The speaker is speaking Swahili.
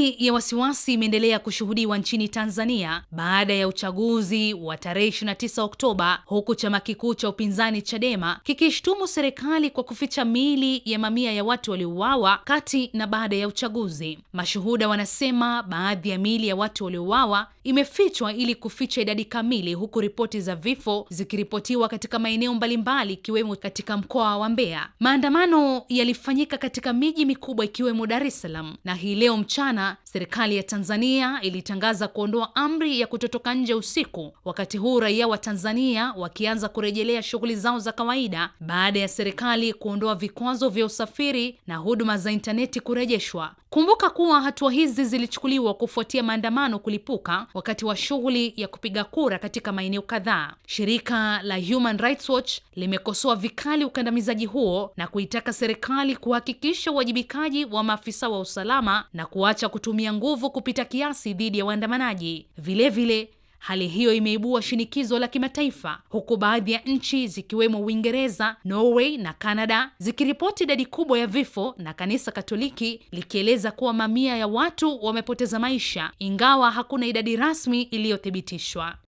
Hali ya wasiwasi imeendelea kushuhudiwa nchini Tanzania baada ya uchaguzi wa tarehe 29 Oktoba, huku chama kikuu cha upinzani Chadema kikishtumu serikali kwa kuficha miili ya mamia ya watu waliouawa kati na baada ya uchaguzi. Mashuhuda wanasema baadhi ya miili ya watu waliouawa imefichwa ili kuficha idadi kamili, huku ripoti za vifo zikiripotiwa katika maeneo mbalimbali ikiwemo katika mkoa wa Mbeya. Maandamano yalifanyika katika miji mikubwa ikiwemo Dar es Salaam, na hii leo mchana 吗？Serikali ya Tanzania ilitangaza kuondoa amri ya kutotoka nje usiku, wakati huu raia wa Tanzania wakianza kurejelea shughuli zao za kawaida baada ya serikali kuondoa vikwazo vya usafiri na huduma za intaneti kurejeshwa. Kumbuka kuwa hatua hizi zilichukuliwa kufuatia maandamano kulipuka wakati wa shughuli ya kupiga kura katika maeneo kadhaa. Shirika la Human Rights Watch limekosoa vikali ukandamizaji huo na kuitaka serikali kuhakikisha uwajibikaji wa maafisa wa usalama na kuacha kutumia kutumia nguvu kupita kiasi dhidi ya waandamanaji. Vilevile, hali hiyo imeibua shinikizo la kimataifa, huku baadhi ya nchi zikiwemo Uingereza, Norway na canada zikiripoti idadi kubwa ya vifo na kanisa Katoliki likieleza kuwa mamia ya watu wamepoteza maisha, ingawa hakuna idadi rasmi iliyothibitishwa.